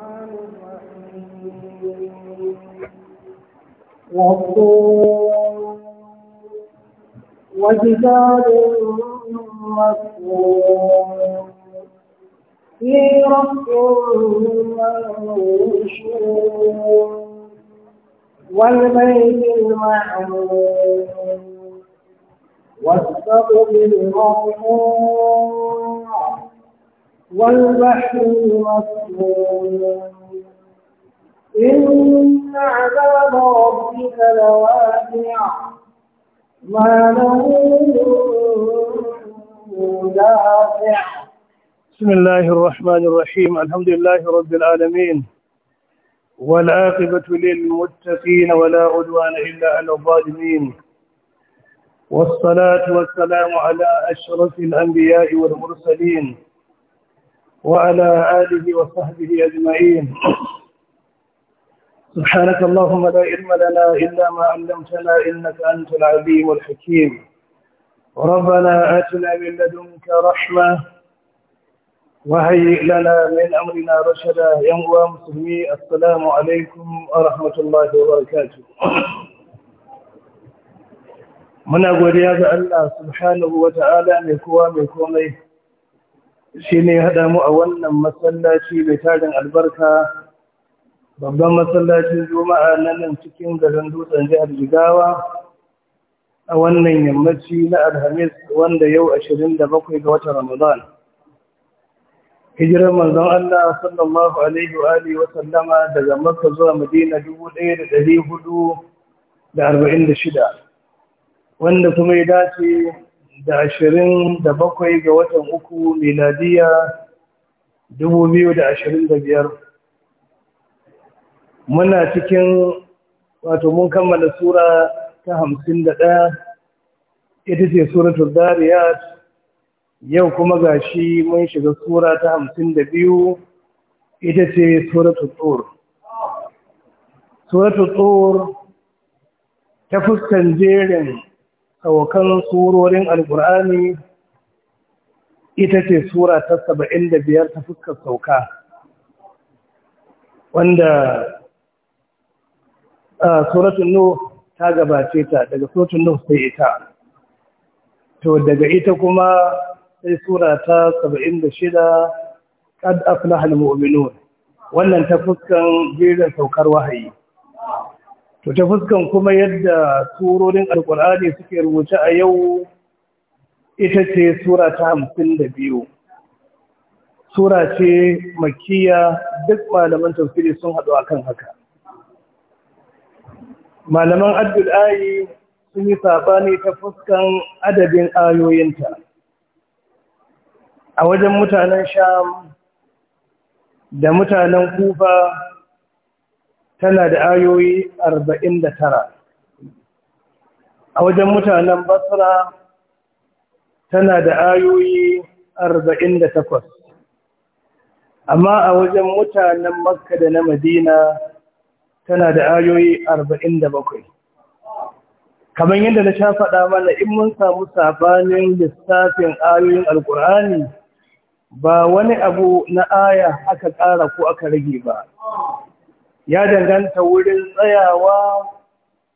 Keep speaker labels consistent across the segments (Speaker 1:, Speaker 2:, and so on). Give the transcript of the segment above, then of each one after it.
Speaker 1: الرحمن الرحيم والطور وكتاب مسكور في رق منشور والبيت المعمور والسقف المرفوع والبحر المسجون إن عذاب ربك لواقع ما له دافع بسم الله الرحمن الرحيم الحمد لله رب العالمين والعاقبة للمتقين ولا عدوان إلا على الظالمين والصلاة والسلام على أشرف الأنبياء والمرسلين وعلى آله وصحبه أجمعين سبحانك اللهم لا علم لنا إلا ما علمتنا إنك أنت العليم الحكيم ربنا آتنا من لدنك رحمة وهيئ لنا من أمرنا رشدا يموى مسلمي السلام عليكم ورحمة الله وبركاته من أقول يا الله سبحانه وتعالى من mai kowa shi ne ya haɗa mu a wannan masallaci mai tarin albarka babban masallacin juma'a na nan cikin garin dutsen jihar jigawa a wannan yammaci na alhamis wanda yau 27 ga watan ramadan hijirar manzon Allah sallallahu alaihi wa alihi wa sallama daga makka zuwa madina 1446 wanda kuma ya dace da ashirin da bakwai ga watan uku miladiya dubu biyu da ashirin da biyar muna cikin wato mun kammala sura ta hamsin da ɗaya ita ce suratul dariyat yau kuma gashi mun shiga sura ta hamsin da biyu ita ce suratul tsor suratul tsor ta fuskan jerin saukan surorin alkur'ani ita ce sura ta saba'in da biyar ta fuskar sauka wanda suratun nuh ta gabace ta daga suratun nuh sai ita to daga ita kuma sai sura ta saba'in da shida qad aflaha al wannan ta fuskan jirgin saukar wahayi to ta fuskan kuma yadda turorin alkur'ani suke rubuce a yau ita ce sura ta hamsin da biyu sura ce makiya duk malaman tafsiri sun haɗu a kan haka malaman abdul'ayi sun yi saɓani ta fuskan adabin ayoyinta a wajen mutanen sham da mutanen kufa tana da ayoyi arba'in da tara. a wajen mutanen basra tana da ayoyi arba'in da takwas. amma a wajen mutanen makka da na madina tana da ayoyi arba'in da bakwai. kamar yadda na sha faɗa mana in mun samu sabanin lissafin ayoyin Alƙur'ani, ba wani abu na aya aka ƙara ko aka rage ba ya danganta wurin tsayawa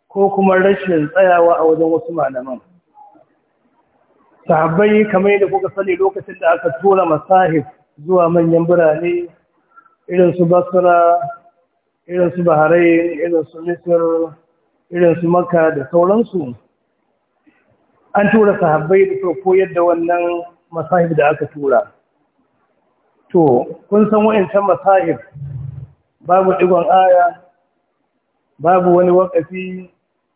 Speaker 1: ko kuma rashin tsayawa a wajen wasu malaman sahabbai kamar yadda kuka sani lokacin da aka tura masahif zuwa manyan birane irin su basra irin su bahrain irin su Misr, irin su makka da sauransu an tura sahabbai da suka koyar da wannan masahif da aka tura to kun san wa'ancan masahif babu ɗigon aya babu wani wakafi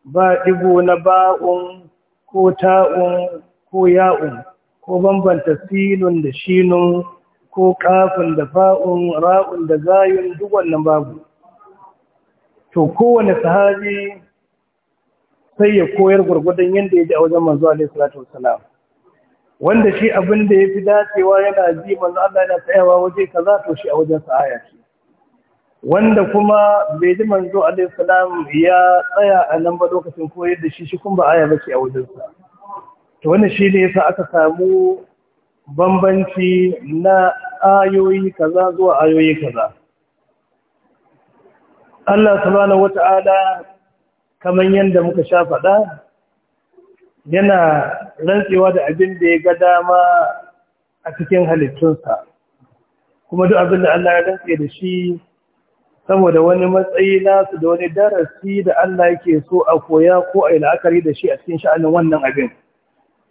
Speaker 1: ba ɗigo na ba'un ko ta'un ko ya'un ko bambanta silun da shinun ko kafin da fa'un ra'un da zayun duk wannan babu to kowane sahabi sai ya koyar gurgudan yadda ya ji a wajen manzo alaihi salatu wasalam wanda shi abin da ya fi dacewa yana ji manzo Allah yana tsayawa waje kaza to shi a wajen sa'aya ce wanda kuma bai ji manzo alaihi salam ya tsaya a nan ba lokacin koyar da shi shi kun ba aya bace a wajensa to wannan shi ne yasa aka samu bambanci na ayoyi kaza zuwa ayoyi kaza Allah subhanahu wata'ala kaman Yadda muka sha faɗa yana rantsewa da abin da ya ga dama a cikin halittunsa kuma duk abin da Allah ya rantse da shi saboda wani matsayi nasu da wani darasi da Allah yake so a koya ko a yi la'akari da shi a cikin sha'anin wannan abin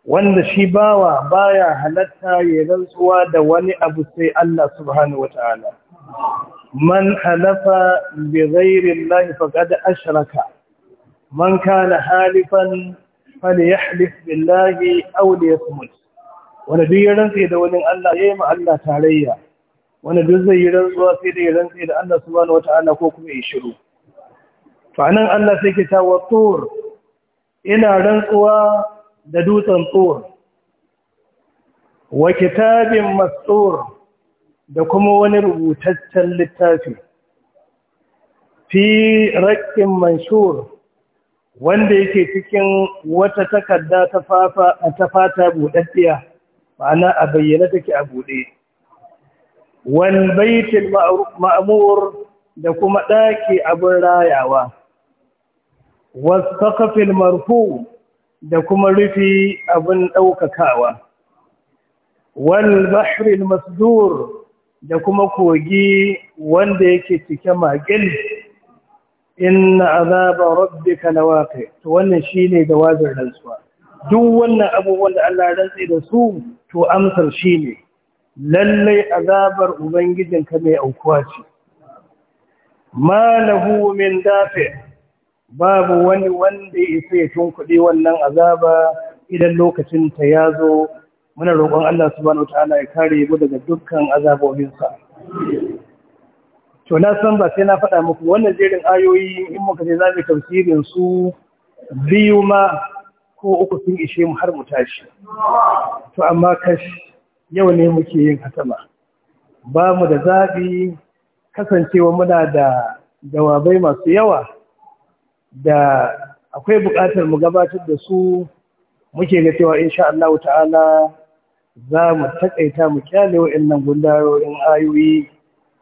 Speaker 1: wanda shi bawa baya halatta ya rantsuwa da wani abu sai Allah subhanahu wata'ala man halafa bi ghairi Allah faqad ashraka man kana halifan falyahlif billahi aw liyasmut wanda duk ya rantsa da wani Allah yayi ma Allah tarayya wanda duk zai yi rantsuwa sai da ya rantsa da Allah subhanahu wata'ala ko kuma ya shiru to Allah sai ke ta tur ina rantsuwa da dutsen tur wa kitabin mastur da kuma wani rubutaccen littafi fi raqqin manshur wanda yake cikin wata takarda ta ta fata budaddiya ma'ana a bayyana take a buɗe. wal baitul ma'mur da kuma ɗaki abin rayawa was marfu da kuma rufi abin daukakawa wal masdur da kuma kogi wanda yake cike magil inna azaba rabbika lawaqi to wannan shine da wajin rantsuwa duk wannan abubuwan da Allah ya rantsi da su to amsar shine lallai azabar ubangijin ka mai aukuwa ce ma na min dafe babu wani wanda ya isa ya kuɗi wannan azaba idan lokacin ta ya zo muna roƙon Allah subhanahu wataala ya kare mu daga dukkan azabobinsa to na san ba sai na faɗa muku wannan jerin ayoyi in muka je zamu tafsirin su biyu ma ko uku sun ishe mu har mu tashi to amma kashi yau ne muke yin hasama ba mu da zaɓi kasancewa muna da jawabai masu yawa da akwai buƙatar mu gabatar da su muke ga cewa in sha Allah ta'ala za mu taƙaita mu kyale wa'annan gundarorin ayoyi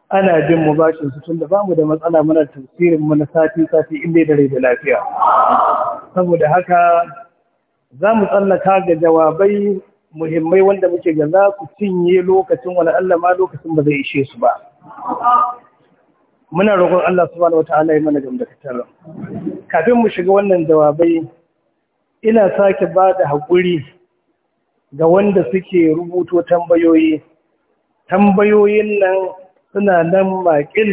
Speaker 1: ana jin mu bashin su tun da ba mu da matsala muna tafsirin mu na sati sati inda da rai da lafiya saboda haka za mu tsallaka ga jawabai muhimmai wanda muke ga za ku cinye lokacin wani Allah ma lokacin ba zai ishe su ba muna roƙon Allah subhanahu wataala ya mana gamdakatar kafin mu shiga wannan jawabai ina sake ba da haƙuri ga wanda suke rubuto tambayoyi tambayoyin nan suna nan maƙil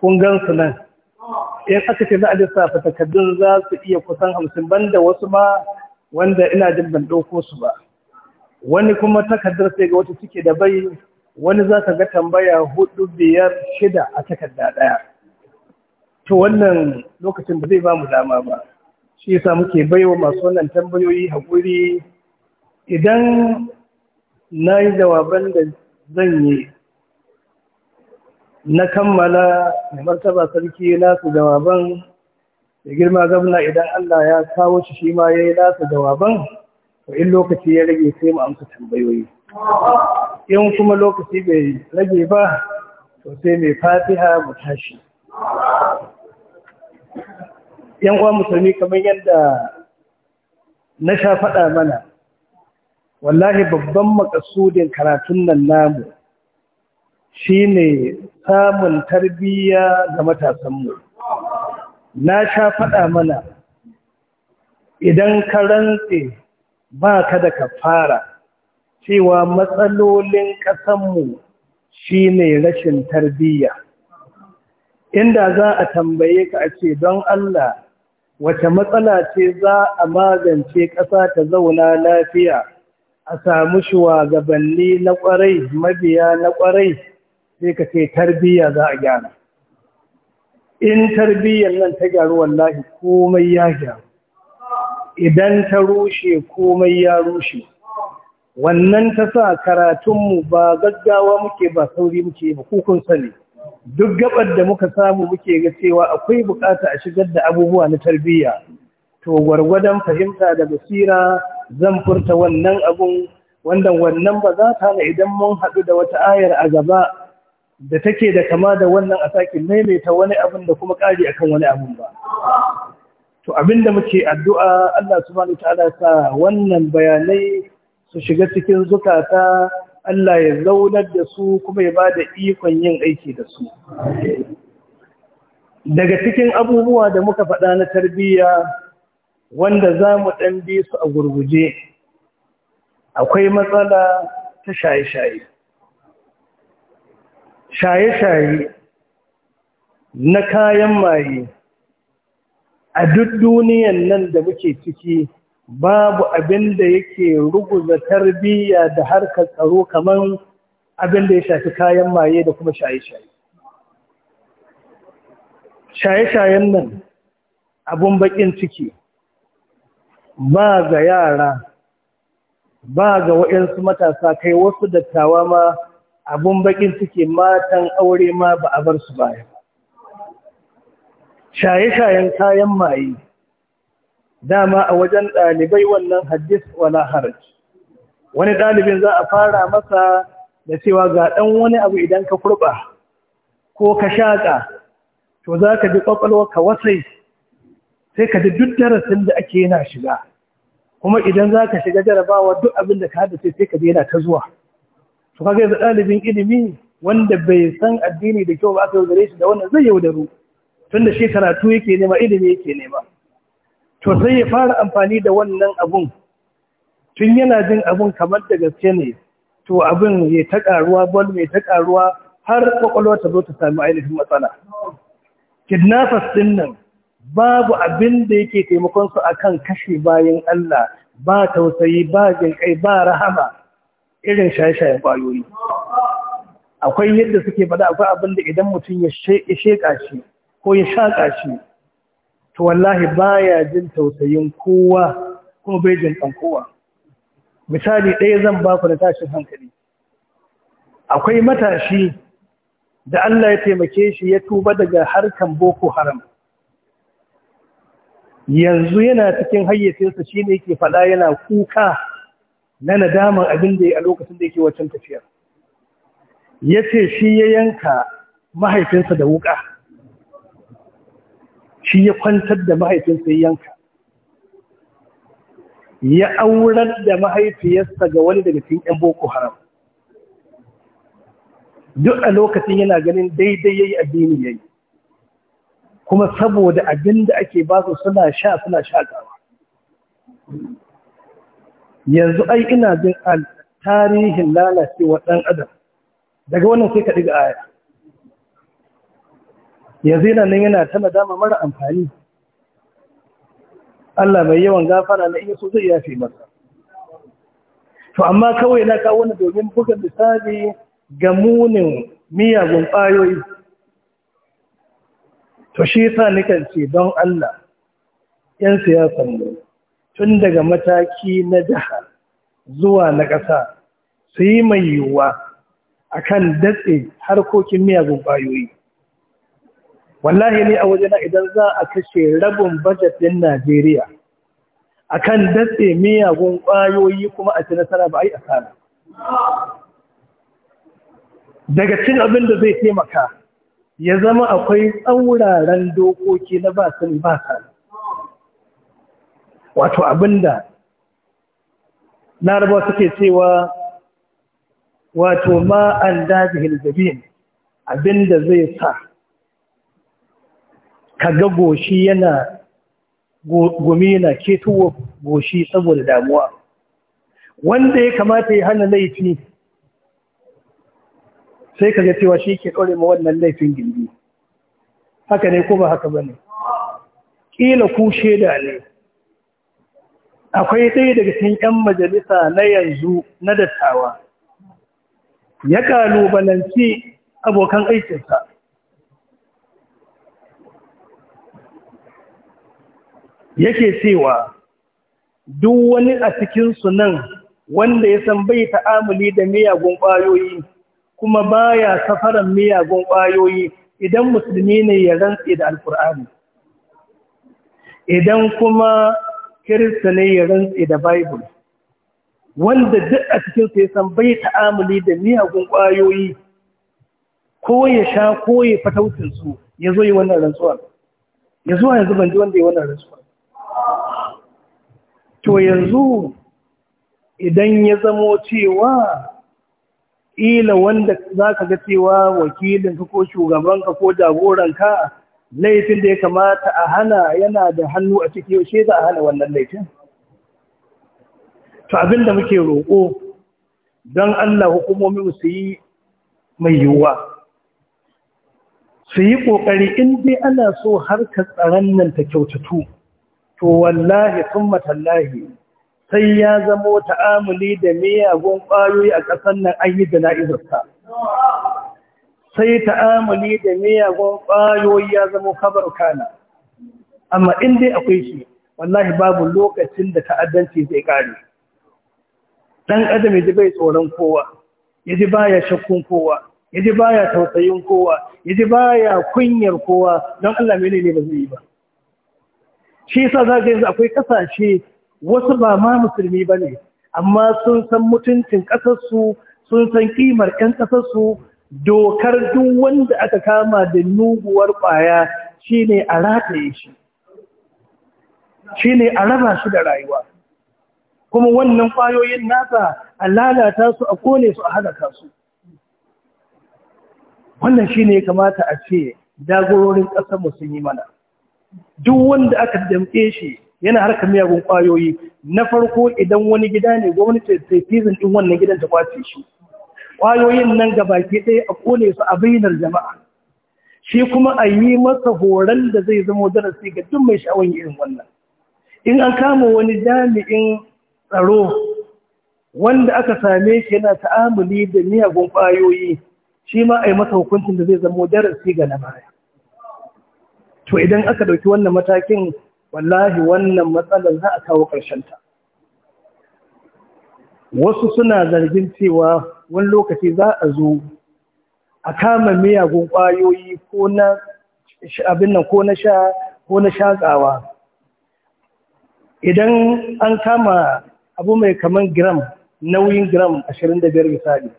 Speaker 1: kun gansu nan in aka ce za a lissafa takardun za su iya kusan hamsin banda wasu ma wanda ina jin ban ɗauko su ba wani kuma takardar sai ga wata suke da bai wani za ka ga tambaya hudu biyar shida a takarda ɗaya to wannan lokacin ba zai ba mu dama ba shi yasa muke baiwa masu wannan tambayoyi hakuri. idan na yi jawaban da zan yi na kammala mai martaba sarki na su jawaban da girma gwamna idan Allah ya kawo shi shi ma ya yi nasa jawaban to in lokaci ya rage sai mu amsa tambayoyi in kuma lokaci bai rage ba to sai mai fatiha mu tashi yan uwa musulmi kamar yadda na sha faɗa mana wallahi babban makasudin karatun nan namu shine samun tarbiyya ga matasanmu. na sha faɗa mana idan ka rantse ba ka da fara cewa matsalolin ƙasanmu shi ne rashin tarbiyya inda za a tambaye ka a ce don Allah wace matsala ce za a magance ƙasa ta zauna lafiya a samu shugabanni na ƙwarai mabiya na ƙwarai sai ka ce tarbiyya za a gyara in tarbiyyar nan ta gyaru wallahi komai ya gyaru idan ta rushe komai ya rushe wannan ta sa karatunmu ba gaggawa muke ba sauri muke ba kukun sani duk gabar da muka samu muke ga cewa akwai bukata a shigar da abubuwa na tarbiyya to gwargwadon fahimta da basira zan furta wannan abun wanda wannan ba za ta na idan mun haɗu da wata ayar a gaba da take da kama da wannan a sake maimaita wani abin da kuma ƙari akan wani abin ba to abinda muke addu'a Allah subhanahu ta'ala sa wannan bayanai su shiga cikin zukata Allah ya zaunar da su kuma ya ba da ikon yin aiki da su daga cikin abubuwa da muka faɗa na tarbiyya wanda za mu ɗan bi su a gurguje akwai matsala ta shaye-shaye shaye-shaye na kayan maye a duk duniyan nan da muke ciki babu abin da yake ruguza tarbiyya da harkar tsaro kamar abin da ya shafi kayan maye da kuma shaye-shaye. Shaye-shayen nan abun bakin ciki ba ga yara ba ga waɗansu matasa kai wasu dattawa ma abun bakin suke matan aure ma ba a bar su baya shaye-shayen kayan maye dama a wajen ɗalibai wannan hadis wala haraj
Speaker 2: wani ɗalibin
Speaker 1: za a fara masa da cewa ga ɗan wani abu idan ka kurɓa ko ka shaƙa to za ka ji ƙwaƙwalwa ka wasai sai ka ji duk darasin da ake yana shiga kuma idan za ka shiga jarabawa duk abin da ka hada sai ka je yana ta zuwa su kaga yanzu ɗalibin ilimi wanda bai san addini da kyau ba aka gare shi da wannan zai yaudaru tunda shi karatu yake nema ilimi yake nema to sai ya fara amfani da wannan abun tun yana jin abun kamar da gaske ne to abin ya ta karuwa bol mai ta karuwa har kwakwalwa ta zo ta sami ainihin matsala kidnappers din nan babu abin da yake taimakon su akan kashe bayan Allah ba tausayi ba jinkai ba rahama irin shaye-shayen ƙwayoyi akwai yadda suke faɗa akwai abin da idan mutum ya sheƙa shi ko ya shaƙa shi to wallahi baya jin tausayin kowa kuma bai jin ɗan kowa misali ɗaya zan ba ku na tashin hankali akwai matashi da Allah ya taimake shi ya tuba daga harkan boko haram yanzu yana cikin hayyacinsa shi ne yake faɗa yana kuka na nadamar abin da ya a lokacin da yake wacin tafiyar ya ce shi ya yanka mahaifinsa da wuka shi ya kwantar da mahaifinsa ya yanka ya auren da mahaifiyarsa ga wani daga cikin 'yan boko haram duk a lokacin yana ganin daidai yayi addini yi, kuma saboda abin da ake su suna sha suna sha gawa yanzu ai ina jin al tarihin lalacewa ɗan adam daga wannan sai ka diga aya yanzu yana nan yana ta dama mara amfani Allah mai yawan gafara na iya so zai yafe masa to amma kawai na kawo wani domin buga misali ga munin miyagun ƙwayoyi to shi yasa nikan ce don Allah 'yan siyasar mu tun daga mataki na jiha zuwa na ƙasa su yi mai yiwuwa a kan datse harkokin miyagun ƙwayoyi. Wallahi ne a wajena idan za a kashe rabin bajet Najeriya a kan datse miyagun ƙwayoyi kuma a ci nasara ba a yi asara. Daga cin abin da zai taimaka ya zama akwai tsauraran dokoki na ba sani ba sani. wato abinda larabawa suke cewa wato ma an dabihil hilzabin abinda zai sa ka ga goshi yana gumi na ketowa goshi saboda damuwa wanda ya kamata ya hana laifi sai ka ga cewa shi ke ɗaure ma wannan laifin gindi haka ne ko ba haka ba ne ƙila kushe shaida ne akwai ɗaya daga cikin 'yan majalisa na yanzu na dattawa ya kalubalanci abokan aikinsa yake cewa duk wani a cikinsu nan wanda ya san bai ta'amuli da miyagun ƙwayoyi kuma baya safaran miyagun ƙwayoyi idan musulmi ne ya rantse da alkur'ani idan kuma kirista ne ya rantse da bible wanda duk a cikin sai san bai ta'amuli da miyagun kwayoyi, ko ya sha ko ya fatautin su ya zo yi wannan rantsuwa. ya zuwa yanzu ban ji wanda ya wannan rantsuwar to yanzu idan ya zamo cewa ila wanda za ka ga cewa wakilinka ko shugabanka ko jagoranka laifin da ya kamata a hana yana da hannu a ciki yaushe za a hana wannan laifin to abinda muke roƙo don Allah hukumomin su yi mai yiwuwa su yi ƙoƙari in dai ana so ka tsaron nan ta kyautatu to wallahi sun matallahi sai ya zamo ta'amuli da miyagun ƙwayoyi a ƙasar nan an yi da jana'izarsa sai ta'amuli da miyagun ƙwayoyi ya zama kabar kana amma in dai akwai shi wallahi babu lokacin da ta'addanci zai kare ɗan adam yaji bai tsoron kowa yaji baya shakkun kowa yaji baya tausayin kowa yaji baya kunyar kowa don Allah mai ne ba zai yi ba shi yasa yanzu akwai ƙasashe, wasu ba ma musulmi ba ne, amma sun san mutuncin ƙasarsu, sun san ƙimar ƴan ƙasarsu. dokar duk wanda aka kama da nuguwar ƙwaya shine a rataye shi shine a raba shi da rayuwa kuma wannan ƙwayoyin nasa a lalata su a kone su a halaka su wannan shi shine kamata a ce dagororin ƙasarmu sun yi mana duk wanda aka damƙe shi yana harka miyagun ƙwayoyi na farko idan wani gida ne gwamnati ta fizin ɗin wannan gidan ta kwace shi ƙwayoyin nan ga baki ɗaya a ƙone su a bainar jama'a shi kuma a yi masa horon da zai zama darasi ga duk mai sha'awar irin wannan in an kama wani jami'in tsaro wanda aka same shi yana ta'amuli da miyagun ƙwayoyi shi ma a yi masa hukuncin da zai zama darasi ga na baya to idan aka ɗauki wannan matakin wallahi wannan matsalar za a kawo ta. wasu suna zargin cewa wani lokaci za a zo a kama miyagun ƙwayoyi ko na abin nan ko na sha ko na shaƙawa idan an kama abu mai kaman gram nauyin gram 25 misali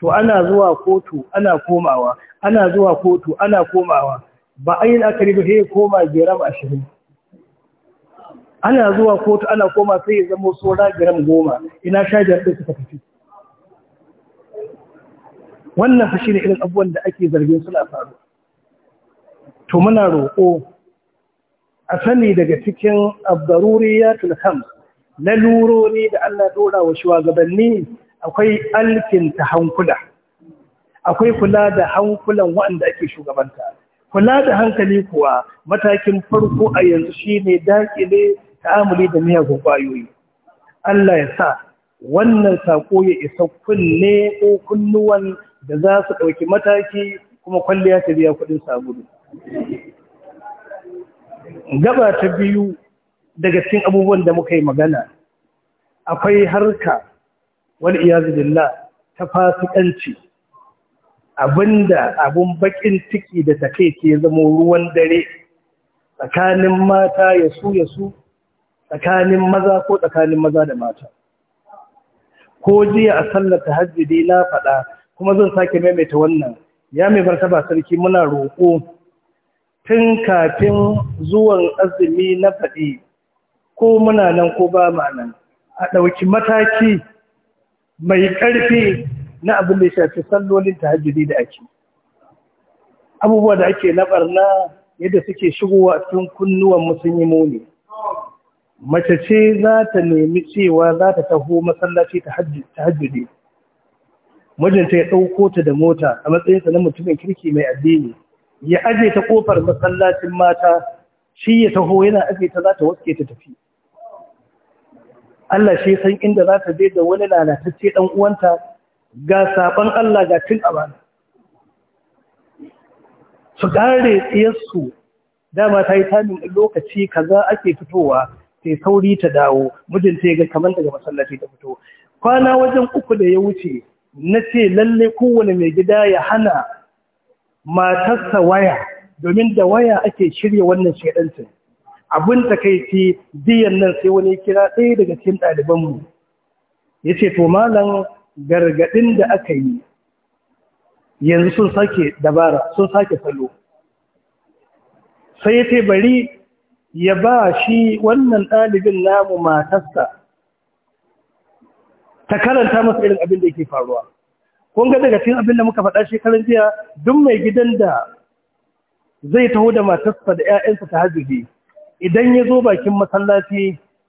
Speaker 1: to ana zuwa kotu ana komawa ana zuwa kotu ana komawa ba a yi la'akari ba sai koma gram 20 ana zuwa kotu ana koma sai ya zama tsora gram 10 ina sha biyar ɗin suka tafi wannan shi ne irin abubuwan da ake zargin suna faru to muna roƙo a sani daga cikin ya na khams laluroni da Allah dora wa shugabanni akwai alkin ta hankula akwai kula da hankulan waɗanda ake shugabanta kula da hankali kuwa matakin farko a yanzu shi shine ta ta'amuli da miyagun ƙwayoyi. Allah ya sa wannan saƙo ya isa kunne ko kunnuwan da za su ɗauki mataki kuma kwalliya ta biya kuɗin sabulu gaba ta biyu daga cikin abubuwan da muka yi magana akwai harka Wani iyazu ta fasikanci abinda abun bakin ciki da ta kai ke zama ruwan dare tsakanin mata ya su ya su tsakanin maza ko tsakanin maza da mata ko jiya a sallar dai na faɗa kuma zan sake maimaita wannan ya mai martaba sarki muna roƙo tun kafin zuwan azumi na faɗi ko muna nan ko ba ma nan a ɗauki mataki mai ƙarfi na abin da ya shafi sallolin tahajjudi da ake abubuwa da ake na ɓarna yadda suke shigowa cikin kunnuwan musulmi muni mace ce za ta nemi cewa za ta taho masallaci ta hajjudi mijinta ya ɗauko ta da mota a matsayinsa na mutumin kirki mai addini ya aje ta kofar masallacin mata shi ya taho yana aje ta za ta waske ta tafi Allah shi san inda za ta je da wani lalatacce dan uwanta ga saban Allah ga tun aban su kare tsiyarsu dama ta yi tamin lokaci kaza ake fitowa sai sauri ta dawo mijinta ya ga kamar daga masallaci ta fito kwana wajen uku da ya wuce na ce lalle kowane mai gida ya hana matarsa waya domin da waya ake shirya wannan shaidancin abin ta takaici biyan nan sai wani kira ɗaya daga cikin ɗalibanmu ya ce to malam gargaɗin da aka yi yanzu sun sake dabara sun sake salo sai ya ce bari ya ba shi wannan ɗalibin namu matarsa ta karanta masa irin abin da yake faruwa kun ga daga cikin abin da muka faɗa shekaran jiya duk mai gidan da zai taho da matarsa da 'ya'yansa ta hajjubi idan ya zo bakin masallaci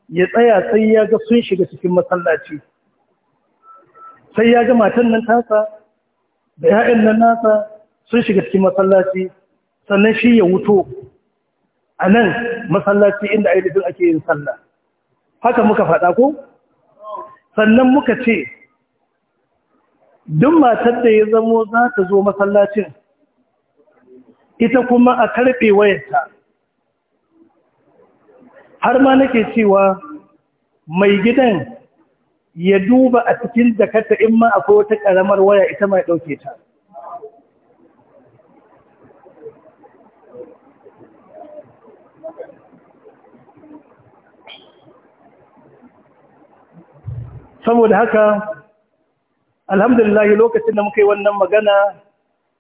Speaker 1: ya tsaya sai ya ga sun shiga cikin masallaci sai ya ga matan nan tasa da 'ya'yan nan nasa sun shiga cikin masallaci sannan shi ya wuto a nan masallaci inda ainihin ake yin sallah haka muka faɗa ko sannan muka ce duk matar da ya zamo za ta zo masallacin ita kuma a karɓe wayarta har ma nake cewa mai gidan ya duba a cikin da jakarta in ma akwai wata ƙaramar waya ita mai ɗauke ta. saboda haka alhamdulillah lokacin da muka yi wannan magana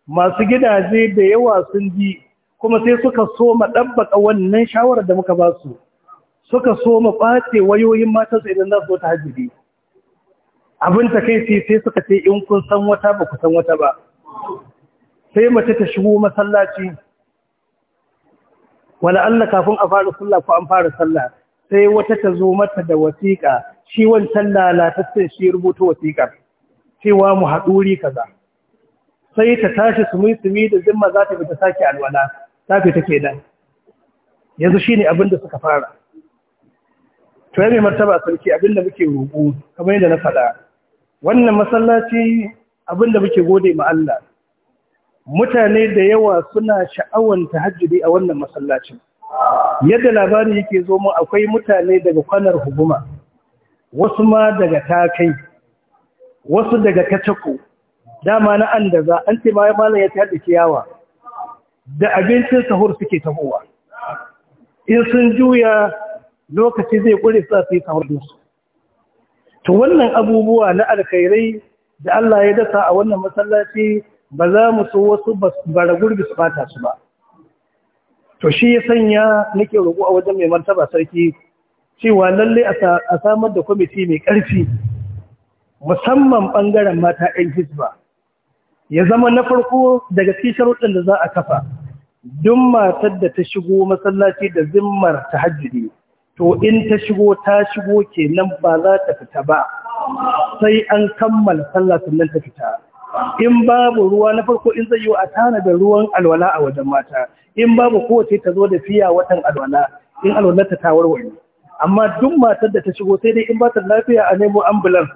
Speaker 1: masu gidaje da yawa sun ji kuma sai suka so ma ɗabbaƙa wannan shawarar da muka ba su suka so ma ɓace wayoyin matansu idan za su wata hajjiri abin ta kai sai sai suka ce in kun san wata ba ku san wata ba sai mace ta shigo masallaci wala Allah kafin a fara sallah ko an fara sallah sai wata ta zo mata da wasiƙa shi wancan lalataccen shi rubuta wasiƙar cewa mu haɗuri kaza sai ta tashi sumi-sumi da zimma za ta fita sake alwala ta fita ke nan yanzu shi ne abinda suka fara tuwa mai martaba sarki abinda muke roƙo kamar yadda na faɗa wannan masallaci abinda muke gode ma Allah mutane da yawa suna sha'awan tahajjudi a wannan masallacin yadda labari yake zo mu akwai mutane daga kwanar hukuma wasu ma daga takai wasu daga kacako dama na an da za an ce ma malam ya tayar da ciyawa da abincin sahur suke tahowa in sun juya lokaci zai ƙure sa su yi sahur dinsu to wannan abubuwa na alkhairai da Allah ya dasa a wannan masallaci ba za mu so wasu bara gurbi su bata su ba to shi ya sanya nake roƙo a wajen mai martaba sarki cewa lalle a samar da kwamiti mai ƙarfi musamman ɓangaren mata 'yan hisba ya zama na farko daga sharuɗin da za a kafa duk matar da ta shigo masallaci da zimmar ta hajjiri to in ta shigo ta shigo kenan ba za ta fita ba sai an kammala sallah sannan ta fita in babu ruwa na farko in zai yi a tana da ruwan alwala a wajen mata in babu kowace ta zo da fiya watan alwala in alwala ta wani. amma duk matar da ta shigo sai dai in ba ta lafiya a nemo ambulan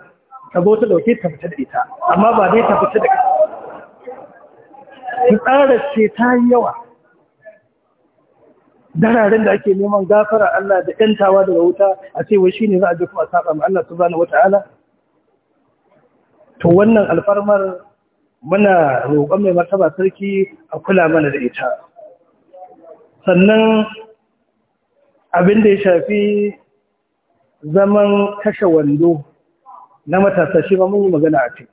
Speaker 1: ta zo ta dauke ta fita da ita amma ba dai ta fita da ita tsara ce ta yawa dararen da ake neman gafara Allah da ‘yantawa daga wuta a ce wai shi ne za a ji kuma saba ma Allah subhanahu wata'ala to wannan alfarmar muna roƙon mai martaba sarki a kula mana da ita sannan abin da ya shafi zaman kashe wando na matasa shi ma mun yi magana a cikin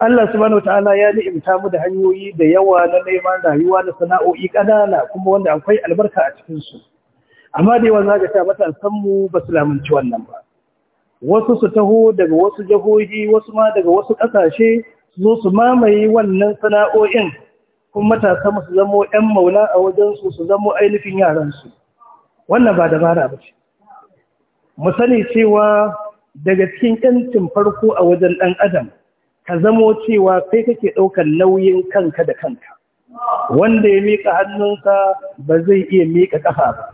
Speaker 1: Allah subhanahu wataala ya ni'imta mu da hanyoyi da yawa na neman rayuwa da sana'o'i ƙanana kuma wanda akwai albarka a cikin su amma da yawan zaka ta matasan mu ba su lamunci wannan ba wasu su taho daga wasu jahohi wasu ma daga wasu ƙasashe su zo su mamaye wannan sana'o'in kuma matasa su zama ƴan maula a wajen su su zamo ainihin yaran su wannan ba dabara ba ce mu sani cewa daga cikin yancin farko a wajen ɗan adam ka zamo cewa kai kake ɗaukar nauyin kanka da kanka wanda ya mika hannunka, ba zai iya miƙa ƙafa ba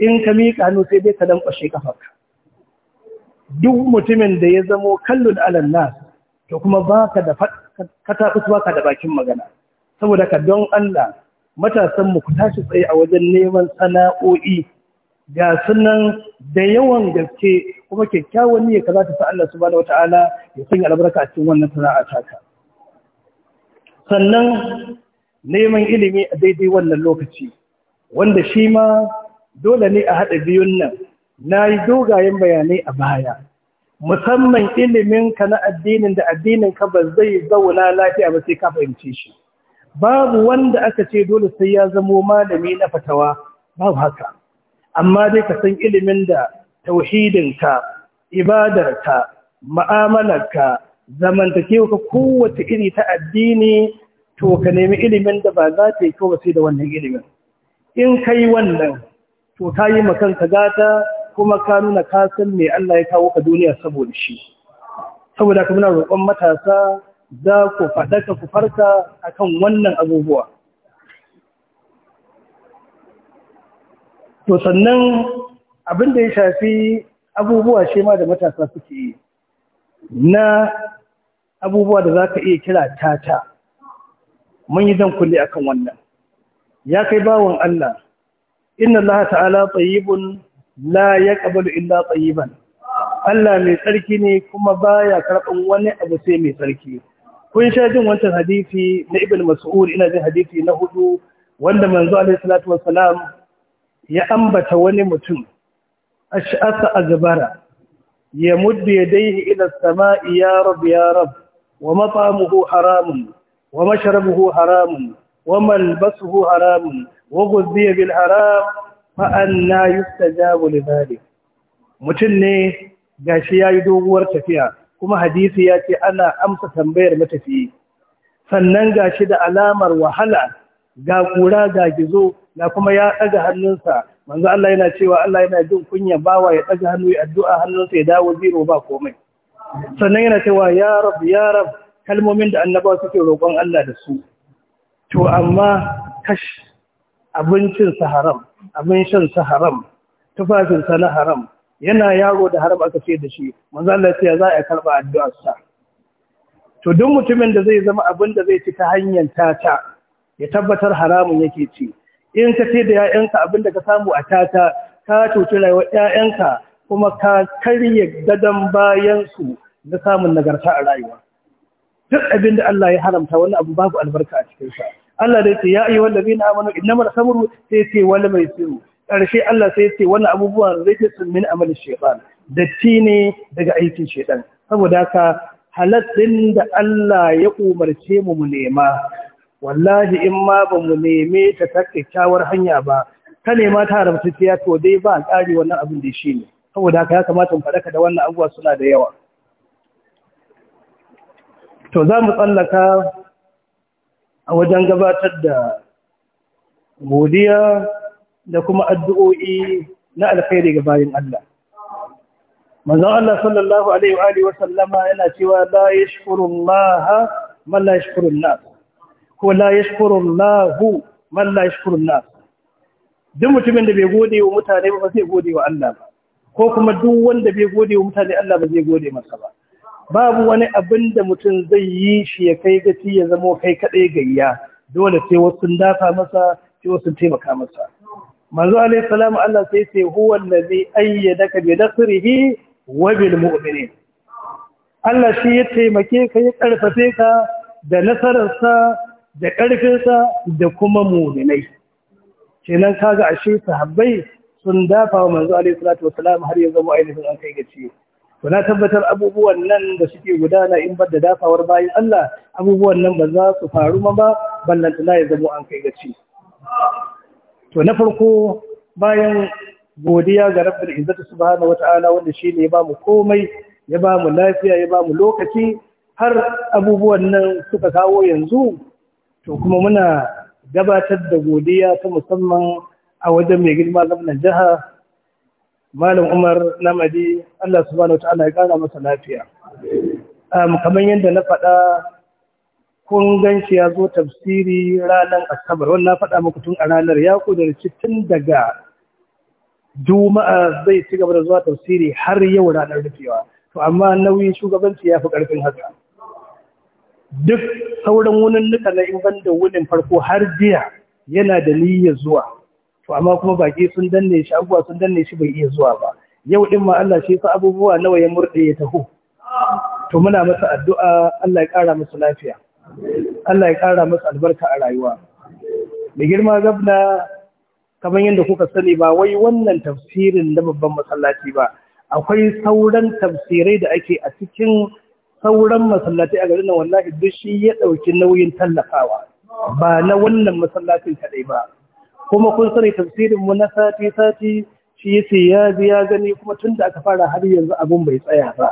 Speaker 1: in ka mika hannu sai bai ka lankwashe ƙafarka duk mutumin da ya zamo kallon alal nas to kuma ba ka da ba ka da bakin magana saboda ka don Allah matasanmu ku tashi tsaye a wajen neman sana'o'i ga sunan da yawan gaske kuma kyakkyawan ne ka za ta sa Allah subhanahu wataala ya sanya albarka a cikin wannan sana'a taka sannan neman ilimi a daidai wannan lokaci wanda shi ma dole ne a haɗa biyun nan na yi dogayen bayanai a baya musamman ka na addinin da addinin ka ba zai zauna lafiya ba sai ka fahimce shi babu wanda aka ce dole sai ya zamo malami na fatawa babu haka amma dai ka san ilimin da tauhidinka ibadarka ma'amalarka ka kowace iri ta addini to ka nemi ilimin da ba za ta yi kowa sai da wannan ilimin in ka yi wannan to ka yi makanka gata kuma ka nuna ka san Allah ya kawo ka duniya saboda shi saboda ka muna roƙon matasa za ku faɗaka ku farka akan wannan abubuwa to sannan abin da ya shafi abubuwa shi ma da matasa suke yi na abubuwa da za ka iya kira tata mun yi zan kulle akan wannan ya kai bawon Allah inna Allah ta'ala tayyibun la yaqbalu illa tayyiban Allah mai tsarki ne kuma baya karɓan wani abu sai mai tsarki kun sha jin wancan hadisi na ibn mas'ud ina jin hadisi na hudu wanda manzo alaihi salatu wassalam ya ambata wani mutum a azbara ya ya yadayhi ila samai ya rab ya rab wa mat'amuhu haramun wa mashrabuhu haramun wa malbasuhu haramun wa ghudhiya bil haram fa anna yustajabu lidhalik mutum ne gashi yayi doguwar tafiya kuma hadisi ya ce ana amsa tambayar matafiyi sannan gashi da alamar wahala ga kura ga gizo ga kuma ya ɗaga hannunsa manzo Allah yana cewa Allah yana jin kunya bawa ya ɗaga hannu ya addu'a hannunsa ya dawo zero ba komai sannan yana cewa ya rab ya rab kalmomin da annaba suke roƙon Allah da su to amma kash abincin sa haram abin shan sa haram tufafin sa na haram yana yaro da haram aka ce da shi manzo Allah ya za a karba addu'arsa. to duk mutumin da zai zama abin da zai ci ta hanyar tata ya tabbatar haramun yake ci in ka ce da 'ya'yanka abin da ka samu a tata ka cuci rayuwar 'ya'yanka kuma ka karye gadon bayansu na samun nagarta a rayuwa duk abinda Allah ya haramta wani abu babu albarka a cikin sa Allah da ce ya wanda zai na amanu inna mara samuru sai ce wani mai siru ƙarshe Allah sai ce wani abubuwa zai ce sun min amal shaitan datti ne daga aikin shaitan saboda haka halattun da Allah ya umarce mu mu nema wallahi in ma ba mu neme ta ta hanya ba ka nema ta haramtacciya to dai ba ƙari wannan abin da shi ne saboda haka ya kamata mu faɗaka da wannan abubuwa suna da yawa to za mu tsallaka a wajen gabatar da godiya da kuma addu'o'i na alkhairi ga bayin Allah manzon Allah sallallahu alaihi wa alihi wa sallama yana cewa la yashkurullaha man la yashkurun nas ko la lahu, man la shukuru na duk mutumin da bai gode wa mutane ba zai gode wa Allah ba ko kuma duk wanda bai gode wa mutane Allah ba zai gode masa ba babu wani abin da mutum zai yi shi ya kai gaci ya zama kai kadai gayya dole sai wasu dafa masa sai wasu taimaka masa manzo alayhi salamu Allah sai sai huwa allazi ayyadaka bi nasrihi wa bil mu'minin Allah shi ya taimake ka ya karfafe ka da nasarar sa. da ƙarfinsa da kuma muminai kenan kaga ashe sahabbai sun dafa wa manzo alaihi salatu salam har ya zama ainihin an kai gaci to na tabbatar abubuwan nan da suke gudana in bar da dafawar bayan Allah abubuwan nan ba za su faru ma ba ballan na ya zama an kai gaci to na farko bayan godiya ga rabbul izzati subhanahu wataala wanda shi ne ya ba mu komai ya ba mu lafiya ya ba mu lokaci har abubuwan nan suka kawo yanzu to kuma muna gabatar da godiya ta musamman a wajen mai girma gwamnan jiha malam umar namadi allah subhanahu ta'ala ya kara masa lafiya kamar yadda na faɗa kun gan ya zo tafsiri ranar asabar wannan faɗa muku tun a ranar ya kudurci tun daga juma'a zai ci gaba da zuwa tafsiri har yau ranar rufewa to amma nauyin shugabanci ya fi ƙarfin haka duk sauran wunin nuka na in da wunin farko har jiya yana da niyyar zuwa to amma kuma baki sun danne shi abubuwa sun danne shi bai iya zuwa ba yau din ma Allah shi sa abubuwa nawa ya murde ya taho to muna masa addu'a Allah ya kara masa lafiya Allah ya kara masa albarka a rayuwa da girma gabna kamar yadda kuka sani ba wai wannan tafsirin na babban masallaci ba akwai sauran tafsirai da ake a cikin sauran masallatai a garin nan wallahi duk shi ya ɗauki nauyin tallafawa ba na wannan masallacin kaɗai ba kuma kun sani tafsirin mu na sati sati shi yace ya ji ya gani kuma tunda aka fara har yanzu abun bai tsaya ba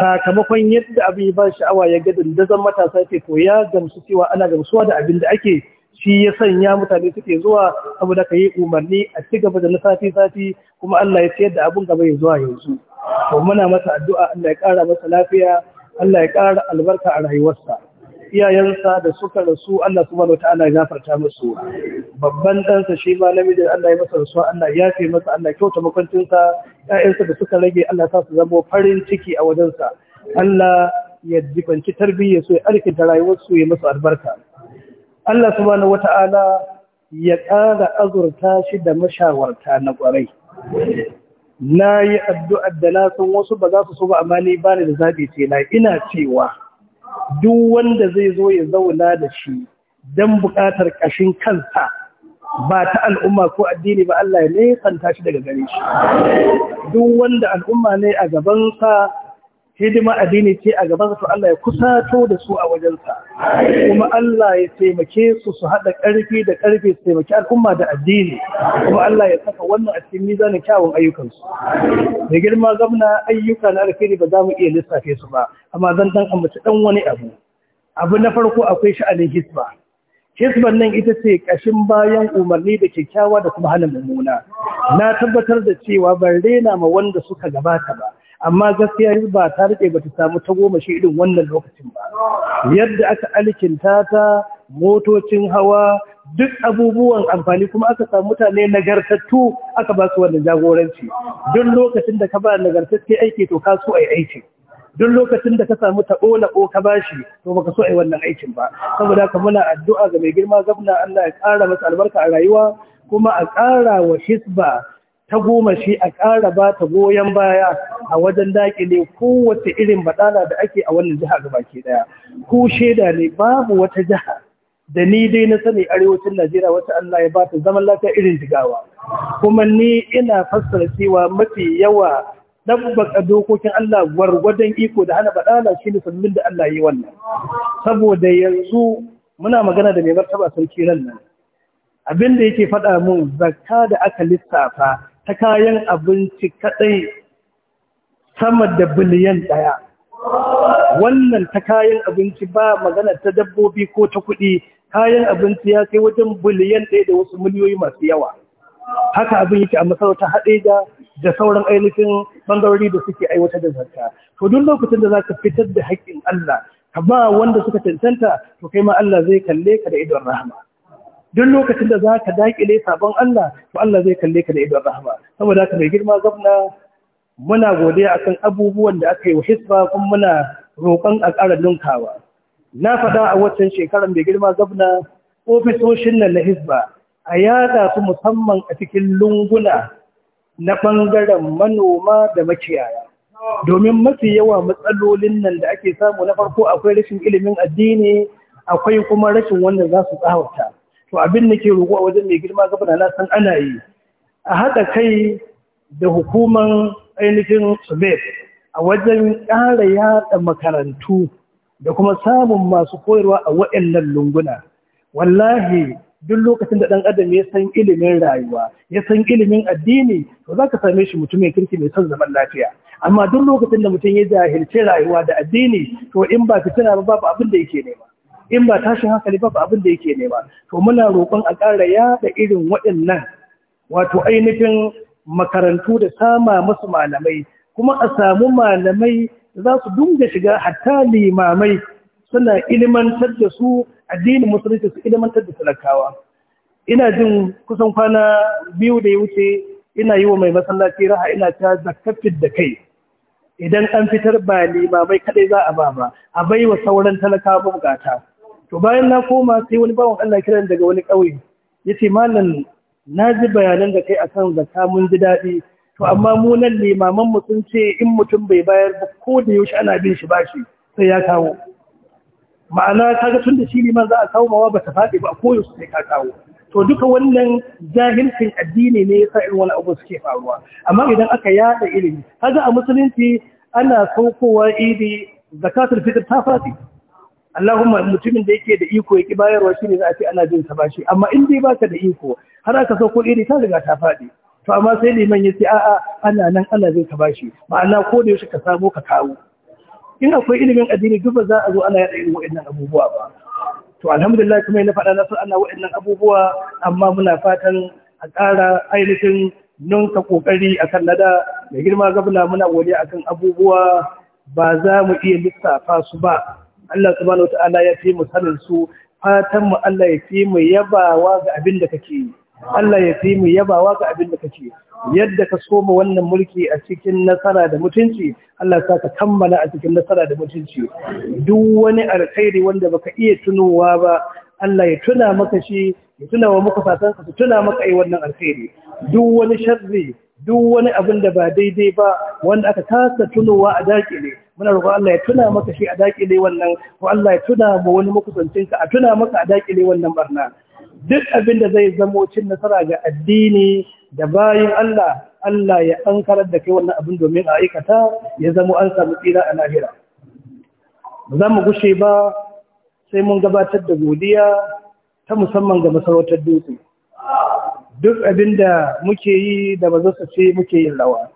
Speaker 1: sakamakon yadda abin ba sha'awa ya ga dandazon matasa ce ko ya gamsu cewa ana gamsuwa da abin da ake shi ya sanya mutane suke zuwa saboda kai yi umarni a ci gaba da na sati sati kuma Allah ya ciyar da abun gaba ya zuwa yanzu to muna masa addu'a Allah ya kara masa lafiya Allah ya ƙara albarka a rayuwarsa iyayensa da suka rasu Allah subhanahu wataala ya gafarta musu babban ɗansa shi ma namijin Allah ya masa rasuwa Allah ya fi masa Allah kyauta makwancinsa 'ya'yansa da suka rage Allah sa su zama farin ciki a wajensa Allah ya jibanci tarbiyyar su ya alkinta rayuwar su ya masa albarka Allah subhanahu wataala ya ƙara azurta shi da mashawarta na ƙwarai na yi addu'ar da na san wasu ba za su so ba amma ni ba ni da zaɓi ce na ina cewa duk wanda zai zo ya zauna da shi don buƙatar ƙashin kansa ba ta al'umma ko addini ba Allah ya kanta shi daga gare shi duk wanda al'umma ne a gabansa hidima addini ce a gaban su Allah ya kusato da su a wajensa kuma Allah ya taimake su su haɗa ƙarfi da karfi su taimaki al'umma da addini kuma Allah ya saka wannan a cikin mizanin kyawun ayyukansu da girma gwamna ayyuka na alkhairi ba za mu iya lissafe su ba amma zan dan ambaci dan wani abu abu na farko akwai sha'anin hisba Hizban nan ita ce ƙashin bayan umarni da kyakkyawa da kuma hana mummuna. Na tabbatar da cewa ban rena ma wanda suka gabata ba, amma gaskiya hizba ta rike ba ta samu ta goma shi irin wannan lokacin ba. Yadda aka alkinta ta motocin hawa duk abubuwan amfani kuma aka samu mutane nagartattu aka ba su wannan jagoranci. Duk lokacin da ka ba nagartacce aiki to ka so a yi aiki. duk lokacin da ka samu taɓo laɓo ka bashi to baka so a yi wannan aikin ba saboda haka muna addu'a ga mai girma gwamna Allah ya ƙara masa albarka a rayuwa kuma a ƙara wa hisba ta goma shi a ƙara ba ta goyon baya a wajen daƙile kowace irin baɗala da ake a wannan jiha ga baki ɗaya ku shaida ne babu wata jiha da ni dai na sani arewacin Najeriya wata Allah ya ba ta zaman lafiya irin jigawa kuma ni ina fassara cewa mafi yawa baka dokokin Allah gwargwadon iko da hana badala shi ne sabbin da Allah yi wannan saboda yanzu muna magana da mai martaba sarki nan nan abin da yake faɗa mun zakka da aka lissafa ta kayan abinci kadai sama da biliyan ɗaya wannan ta kayan abinci ba magana ta dabbobi ko ta kuɗi kayan abinci ya kai wajen biliyan ɗaya da wasu miliyoyi masu yawa haka abin yake a masarautar haɗe da da sauran ainihin bangarori da suke aiwata da zarta. to duk lokacin da za ka fitar da haƙƙin Allah ka ba wanda suka tantanta to kai ma Allah zai kalle ka da idon rahama duk lokacin da za zaka daƙile sabon Allah to Allah zai kalle ka da idon rahama saboda haka mai girma gwamna muna godiya akan abubuwan da aka yi wa hisba kuma muna roƙon a ƙara ninkawa na faɗa a watan shekarar mai girma gwamna ofisoshin nan na hisba a yada su musamman a cikin lunguna na ɓangaren manoma da makiyaya. Domin mafi yawa matsalolin nan da ake samu na farko akwai rashin ilimin addini akwai kuma rashin wanda za su tsawata. To abin da ke roƙo a wajen mai girma gabana na san ana yi. A haɗa kai da hukuman ainihin SUBEB a wajen ƙara yaɗa makarantu da kuma samun masu koyarwa a waɗannan lunguna. Wallahi duk lokacin da ɗan adam ya san ilimin rayuwa ya san ilimin addini to za ka same shi mutumin kirki mai son zaman lafiya amma duk lokacin da mutum ya jahilce rayuwa da addini to in ba fitina ba babu abin da yake nema in ba tashin hankali babu abin da yake nema to muna roƙon a ƙara yaɗa irin waɗannan wato ainihin makarantu da sama masu malamai kuma a samu malamai za su dunga shiga hatta limamai suna ilimantar da su addinin musulunci su ilimantar da talakawa ina jin kusan kwana biyu da ya wuce ina yi wa mai masallaci raha ina ta zakafin da kai idan an fitar ba limamai kadai za a ba ba a bai wa sauran talakawa bukata to bayan na koma sai wani bawan Allah kiran daga wani ƙauye yace malam na ji bayanan da kai akan zakka mun ji daɗi to amma mu nan limaman mu sun ce in mutum bai bayar ba ko da yaushe ana bin shi ba shi, sai ya kawo ma'ana ta ga tun da shi ne za a kawo mawa ba ta faɗi ba koyo su sai ka kawo to duka wannan jahilcin addini ne yasa irin wani abu suke faruwa amma idan aka yada ilimi kaga a musulunci ana saukowa idi zakatul fitr ta faɗi Allahumma mutumin da yake da iko yake bayarwa shine za a ce ana jin sa bashi amma in dai baka da iko har aka sauko idi ta riga ta faɗi to amma sai liman ya ce a'a ana nan ana zai ta bashi ma'ana ko da yaushe ka samu ka kawo in akwai ilimin addini duk ba za a zo ana yaɗa irin waɗannan abubuwa ba to alhamdulillah kuma na faɗa na san ana waɗannan abubuwa amma muna fatan a ƙara ainihin nunka ƙoƙari a kan nada da girma gabna muna godiya a kan abubuwa ba za mu iya lissafa su ba Allah subhanahu wa ta'ala ya fi mu sanin su fatan mu Allah ya fi mu yabawa ga abin da kake yi Allah ya fi mu yabawa ga abin da kake yadda ka soma wannan mulki a cikin nasara da mutunci Allah sa ka kammala a cikin nasara da mutunci duk wani alkhairi wanda baka iya tunowa ba Allah ya tuna maka shi ya tuna wa muka fatan ka tuna maka ai wannan alkhairi duk wani sharri duk wani abin da ba daidai ba wanda aka kasa tunowa a dakile muna roƙon Allah ya tuna maka shi a dakile wannan ko Allah ya tuna ma wani makusancinka a tuna maka a dakile wannan barna duk abin da zai zamo cin nasara ga addini da bayan Allah Allah ya ankara da kai wannan abin domin a aikata ya zamo an samu tsira a lahira ba za mu gushe ba sai mun gabatar da godiya ta musamman ga masarautar dutse duk abinda muke yi da ba zasu ce muke yin rawa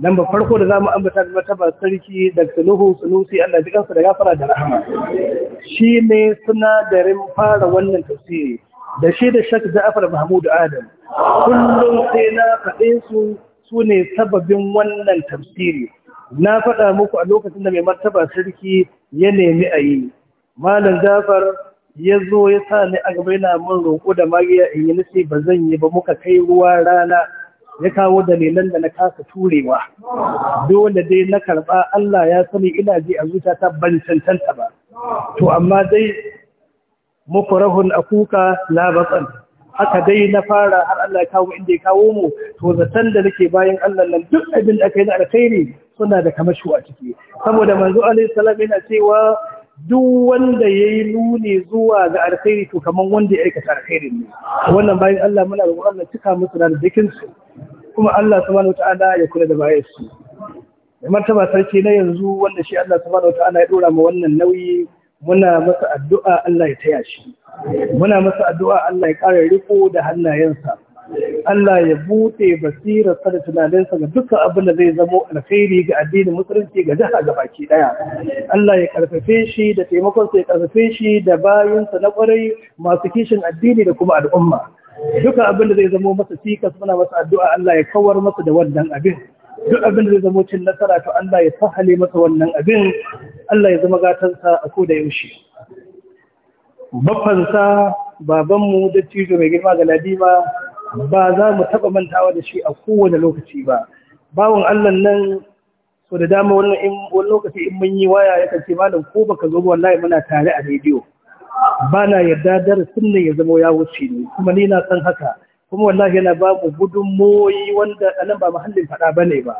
Speaker 1: nan ba farko da za mu ambata da ba sarki da sunuhu sunusi Allah ji kansa da gafara da rahama shi ne sinadarin fara wannan tafsiri da shi da shak Ja'far Mahmud Adam kullum sai na faɗe su su ne sababin wannan tafsiri na faɗa muku a lokacin da mai martaba sarki ya nemi a yi malam zafar ya zo ya sa ni a gaba yana min roƙo da magiya in yi nasi ba zan yi ba muka kai ruwa rana ya kawo da dalilan da na kasa turewa dole dai na karɓa Allah ya sani ina ji a ta ban cancanta ba to amma dai mukurahun kuka labatsan haka dai na fara har Allah ya kawo inda ya kawo mu to zaton da nake bayan Allah nan duk abin da aka na alkhairi suna da kamashu a ciki saboda manzo alaihi salam yana cewa duk wanda yayi yi nuni zuwa ga alkhairi to kamar wanda ya aikata alkhairi ne wannan bayan Allah muna roƙon Allah cika musu da dukin su kuma Allah subhanahu wataala ya kula da bayan su martaba sarki na yanzu wanda shi Allah subhanahu wataala ya dora ma wannan nauyi muna masa addu'a Allah ya taya shi muna masa addu'a Allah ya ƙara riko da hannayensa Allah ya buɗe basirarsa da tunaninsa ga dukkan abin da zai zamo alheri ga addinin musulunci ga jiha ga baki ɗaya. Allah ya karfafe shi da taimakonsa ya karfafe shi da bayansa na ƙwarai masu kishin addini da kuma al'umma. Dukkan abin da zai zamo masa cikas muna masa addu'a Allah ya kawar masa da wannan abin. duk abin da zai zama cin nasara to Allah ya sahale masa wannan abin Allah ya zama gatansa a ko da yaushe bafansa babanmu dattijo mai girma ga ladima ba za mu taɓa mantawa da shi a kowane lokaci ba bawon Allah nan so da dama wani lokaci in mun yi waya ya kace malam ko baka zo wallahi muna tare a rediyo Bana yarda darasin ne ya zama ya wuce ni kuma ni na san haka kuma wallahi yana babu gudun moyi wanda anan ba muhallin faɗa ba ne ba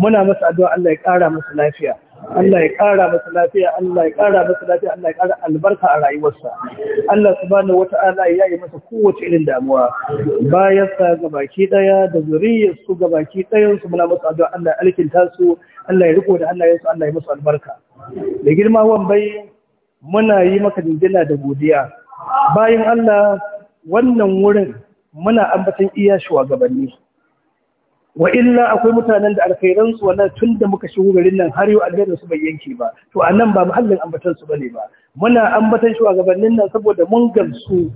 Speaker 1: muna masa addu'a Allah ya ƙara masa lafiya Allah ya ƙara masa lafiya Allah ya ƙara masa lafiya Allah ya ƙara albarka a rayuwarsa Allah subhanahu wata'ala ya yi masa kowace irin damuwa bayan sa gabaki ɗaya da zuriyar su gabaki dayan su muna masa addu'a Allah ya alkinta su Allah ya riko da hannayen su Allah ya masa albarka da girma wambai muna yi maka dindina da godiya bayan Allah wannan wurin muna ambatan iya shugabanni wa illa akwai mutanen da alkhairan su wannan tun da muka shigo garin nan har yau alkhairin su bai yanke ba to anan ba muhallin ambatan su bane ba muna ambatan shugabannin nan saboda mun gamsu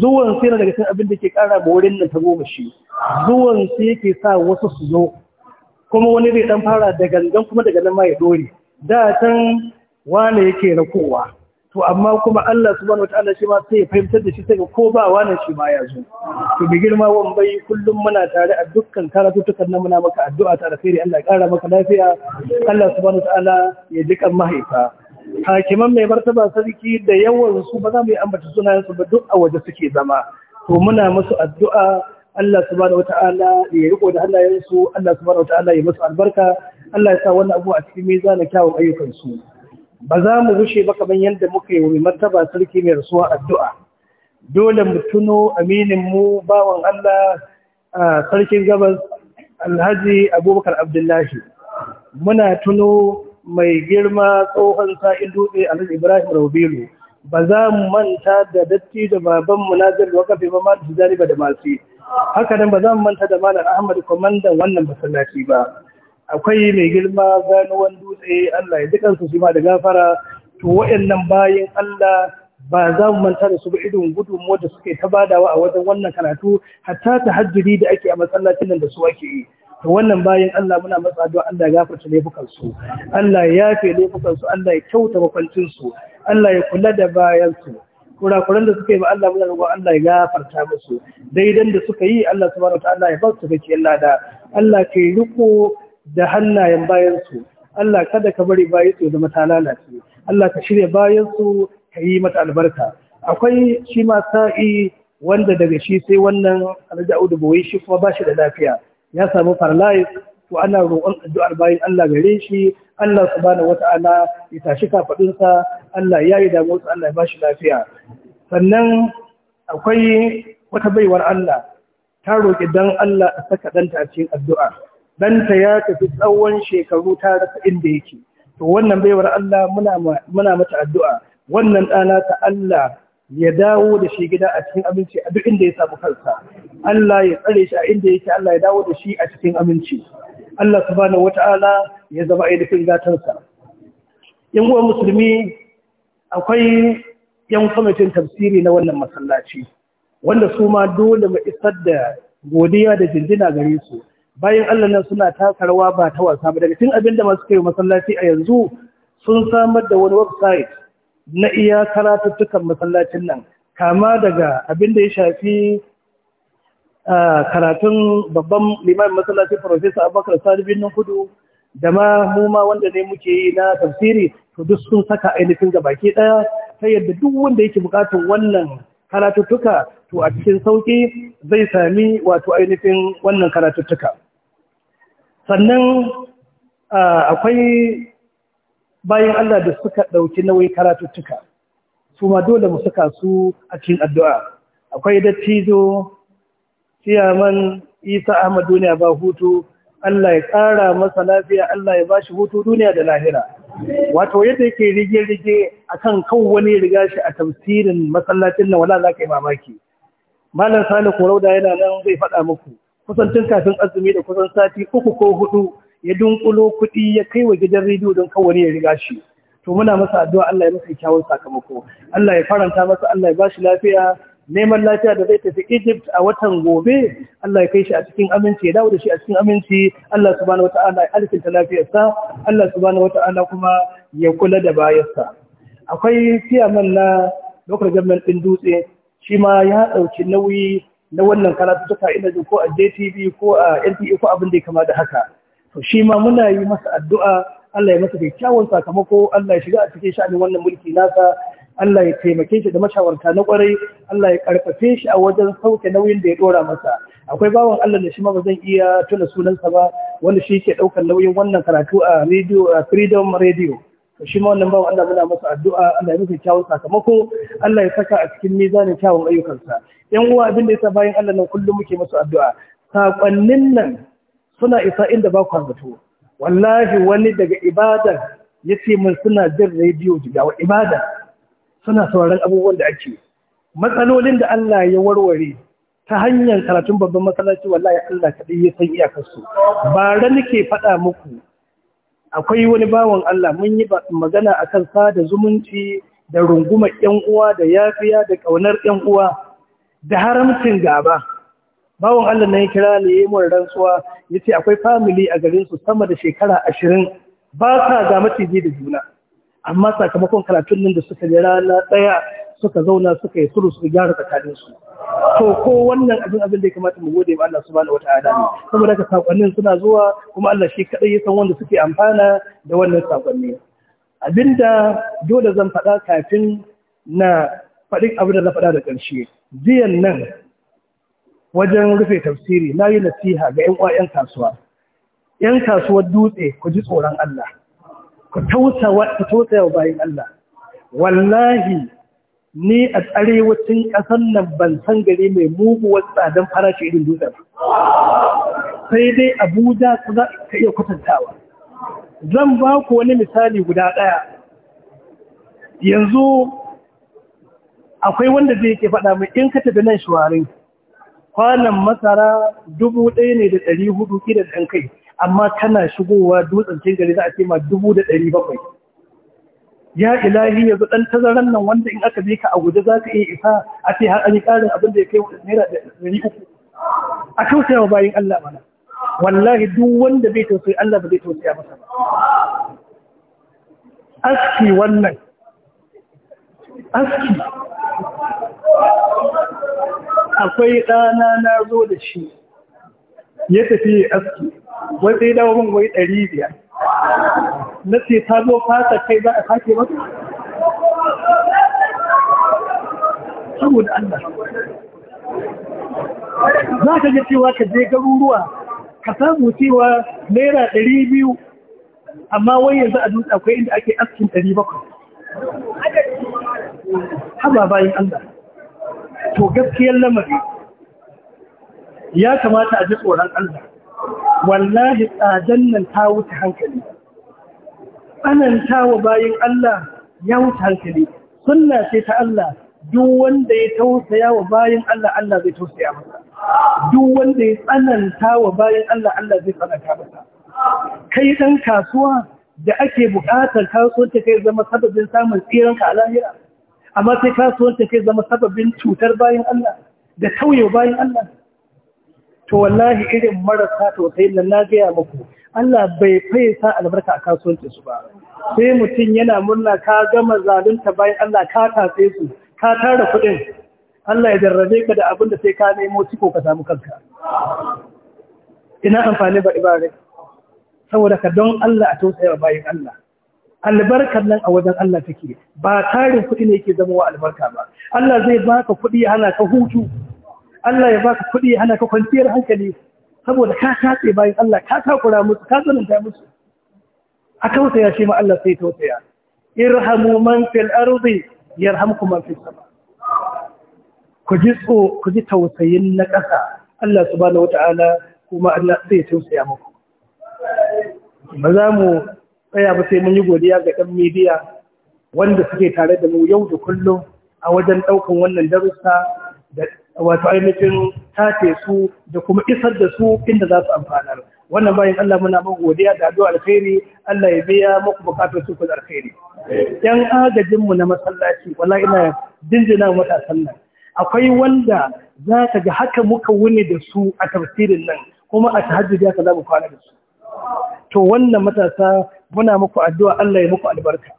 Speaker 1: zuwan sai daga cikin abin da ke kara ba wurin nan ta goma shi zuwan sai yake sa wasu su zo kuma wani zai dan fara da gangan kuma daga nan ma ya dore da tan wane yake rakowa to amma kuma Allah subhanahu wataala shi ma sai ya fahimtar da shi sai ko ba wani shi ma ya zo to bi girma won bai kullum muna tare a dukkan karatutukan nan muna maka addu'a ta alkhairi Allah ya kara maka lafiya Allah subhanahu wataala ya ji kan mahaifa hakiman mai martaba sarki da yawan su ba za mu yi ambata sunayen su ba duk a waje suke zama to muna musu addu'a Allah subhanahu wataala ya riko da hannayen su Allah subhanahu wataala ya musu albarka Allah ya sa wannan abu a cikin mizanin kyawun ayyukan su ba za mu rushe ba kamar yadda muka yi wuri martaba sarki mai rasuwa addu'a dole mu tuno aminin mu bawan Allah sarkin gabas alhaji abubakar abdullahi muna tuno mai girma tsohon sa'in dutse alhaji ibrahim rabilu ba za mu manta da datti da baban munazir da wakafi ba ma da ba da masu haka nan ba za mu manta da malam ahmad kwamandan wannan masallaci ba akwai mai girma wani dutse Allah ya dukansu shi ma da gafara to waɗannan bayan Allah ba za mu manta da su ba irin gudunmu da suke ta badawa a wajen wannan karatu hatta ta hajjiri da ake a masallacin nan da su ake yi to wannan bayan Allah muna matsa don Allah ya gafarta laifukan su Allah ya yafe laifukan su Allah ya kyauta makwancin su Allah ya kula da bayan su kurakuran da suka yi ba Allah muna roƙo Allah ya gafarta musu daidan da suka yi Allah subhanahu wa ta'ala ya ba su cikakken lada Allah ke riko da hannayen bayansu Allah kada ka bari bayan su zama lalace Allah ka shirya bayan su ka yi mata albarka akwai shi ma sa'i wanda daga shi sai wannan alhaji audu bawai shi kuma ba shi da lafiya ya samu paralyze to ana roƙon addu'ar bayan Allah gare shi Allah subhanahu wata'ala ya tashi kafadunsa Allah ya yi damu Allah ya ba shi lafiya sannan akwai wata baiwar Allah ta roƙi dan Allah a saka ɗanta a cikin addu'a danta ya tafi tsawon shekaru ta rasa inda yake to wannan baiwar Allah muna mata addu'a wannan ɗana ta Allah ya dawo da shi gida a cikin aminci a duk inda ya samu kansa Allah ya tsare shi a inda yake Allah ya dawo da shi a cikin aminci Allah subhanahu wata'ala ya zama ainihin gatarsa. yan uwan musulmi akwai yan kwamitin tafsiri na wannan masallaci wanda su ma dole mu isar da godiya da jinjina gare su bayan Allah nan suna taka rawa ba ta wasa ba daga cikin abin da masu kai masallaci a yanzu sun samar da wani website na iya karatuttukan masallacin nan kama daga abin da ya shafi karatun babban limamin masallaci Professor Abubakar Salibin nan kudu da ma mu ma wanda ne muke yi na tafsiri to duk sun saka ainihin ga baki daya ta yadda duk wanda yake bukatar wannan karatuttuka to a cikin sauki zai sami wato ainihin wannan karatuttuka. sannan akwai bayan Allah da suka ɗauki nauyi karatuttuka su ma dole mu suka su a cikin addu'a akwai dattijo ciyaman isa ahmad duniya ba hutu Allah ya ƙara masa lafiya Allah ya ba shi hutu duniya da lahira wato yadda yake rige-rige akan kan wani riga shi a tafsirin masallacin na wala za ka yi mamaki malam sani korauda yana nan zai faɗa muku kusan tun kafin azumi da kusan sati uku ko hudu ya dunkulo kuɗi ya kai wa gidan rediyo don kawai ya riga shi to muna masa addu'a Allah ya masa kyawun sakamako Allah ya faranta masa Allah ya ba shi lafiya neman lafiya da zai tafi Egypt a watan gobe Allah ya kai shi a cikin aminci ya dawo da shi a cikin aminci Allah subhanahu wata'ala ya alkinta lafiyarsa Allah subhanahu wata'ala kuma ya kula da bayansa akwai fiyaman na lokacin gwamnatin dutse shi ma ya dauki nauyi na wannan karatuka ina jin ko a JTV ko a NTA ko abin da ya kama da haka to shi ma muna yi masa addu'a Allah ya masa kyakkyawan sakamako Allah ya shiga a cikin sha'anin wannan mulki nasa Allah ya taimake shi da mashawarta na kwarai Allah ya karfafe shi a wajen sauke nauyin da ya dora masa akwai bawan Allah da shi ma ba zan iya tuna sunansa ba wanda shi ke daukar nauyin wannan karatu a radio a Freedom Radio to shi ma wannan bawa Allah muna masa addu'a Allah ya nufi kyawun sakamako Allah ya saka a cikin mizanin kyawun ayyukansa yan uwa abin da yasa bayan Allah nan kullum muke masa addu'a sakonnin nan suna isa inda ba ku zato wallahi wani daga ibada yace mun suna jin rediyo jigawa ibada suna sauraron abubuwan da ake matsalolin da Allah ya warware ta hanyar karatun babban masallaci wallahi Allah kaɗai ya san iyakarsu ba ra nake faɗa muku akwai wani bawan Allah mun yi magana a akan sada zumunci da rungumar ƴan uwa da yafiya da ƙaunar ƴan uwa da haramcin gaba bawan Allah na ya kira ne ya mun rantsuwa yace akwai famili a garin su sama da shekara ashirin ba sa ga maciji da juna amma sakamakon karatun nan da suka jira na ɗaya suka zauna suka yi sulhu su gyara tsakanin su to ko wannan abin abin da ya kamata mu gode ma Allah subhanahu wataala ne saboda ka sakonnin suna zuwa kuma Allah shi kadai ya san wanda suke amfana da wannan sakonni abinda dole zan faɗa kafin na faɗin abin da na faɗa da ƙarshe jiyan nan wajen rufe tafsiri na yi nasiha ga 'yan uwa 'yan kasuwa 'yan kasuwar dutse ku ji tsoron Allah ku tausaya wa bayan Allah wallahi ni a arewacin ƙasar nan ban san gari mai muguwar tsadan farashi irin dutsen sai dai abuja za ka iya kwatantawa zan ba ku wani misali guda ɗaya yanzu akwai wanda zai ke faɗa mai in ka tafi nan shawarin kwanan masara dubu ɗaya ne da ɗari hudu ƙi da ɗan kai amma kana shigowa dutsen cin gari za a ce ma dubu da ɗari bakwai ya ilahi yanzu dan tazaran nan wanda in aka je ka a guje za ka iya isa a ce har an yi ƙarin abin da ya kai naira ɗari uku a tausaya wa bayan Allah mana wallahi duk wanda bai tausayi Allah ba zai tausaya masa ba aski wannan aski akwai ɗana na zo da shi ya tafi aski wai sai dawo min wai ɗari biyar na ce ta zo fata kai za a sake mata saboda Allah za ka ga cewa ka je garuruwa ka samu cewa naira ɗari biyu amma wai yanzu a dutse akwai inda ake askin ɗari bakwai haba bayan Allah to gaskiyar lamari ya kamata a ji tsoron Allah wallahi tsadan nan ta wuce hankali tsananta wa bayan Allah ya wuce hankali sunna ce ta Allah duk wanda ya tausaya wa bayan Allah Allah zai tausaya masa duk wanda ya tsananta wa bayan Allah Allah zai tsananta masa kai dan kasuwa da ake buƙatar kasuwanci kai zama sababin samun tsiranka a lahira amma sai kasuwanci kai zama sababin cutar bayan Allah da tauye bayan Allah to wallahi irin marasa tausayin nan na gaya muku Allah bai faye sa albarka a kasuwancin su ba sai mutum yana murna ka gama zalunta bayan Allah ka tatse su ka tara kuɗin Allah ya jarrabe ka da abin da sai ka nemo ciko ka samu kanka ina amfani ba ibare saboda ka don Allah a tausaya bayan Allah albarkar nan a wajen Allah take ba tarin kuɗi ne yake zama wa albarka ba Allah zai baka kuɗi ya hana ka hutu Allah ya baka kuɗi ya hana ka kwanciyar hankali saboda ka katse bayan Allah ka takura musu ka tsananta musu a tausaya shi ma Allah sai tausaya irhamu man fil ardi yarhamkum man fis sama ku ji tso ku ji tausayin na ƙasa Allah subhanahu wataala kuma Allah sai tausaya muku ba za mu tsaya ba sai mun yi godiya ga ɗan midiya wanda suke tare da mu yau da kullum a wajen ɗaukan wannan darussa da wato ainihin tace su da kuma isar da su inda za su amfanar wannan bayan Allah muna man godiya da addu'a alkhairi Allah ya biya muku bukatun su da alkhairi yan agajin mu na masallaci wallahi ina jinjina matasan nan akwai wanda za ka ga haka muka wuni da su a tafsirin nan kuma a tahajjud ya za mu kwana da su to wannan matasa muna muku addu'a Allah ya muku albarka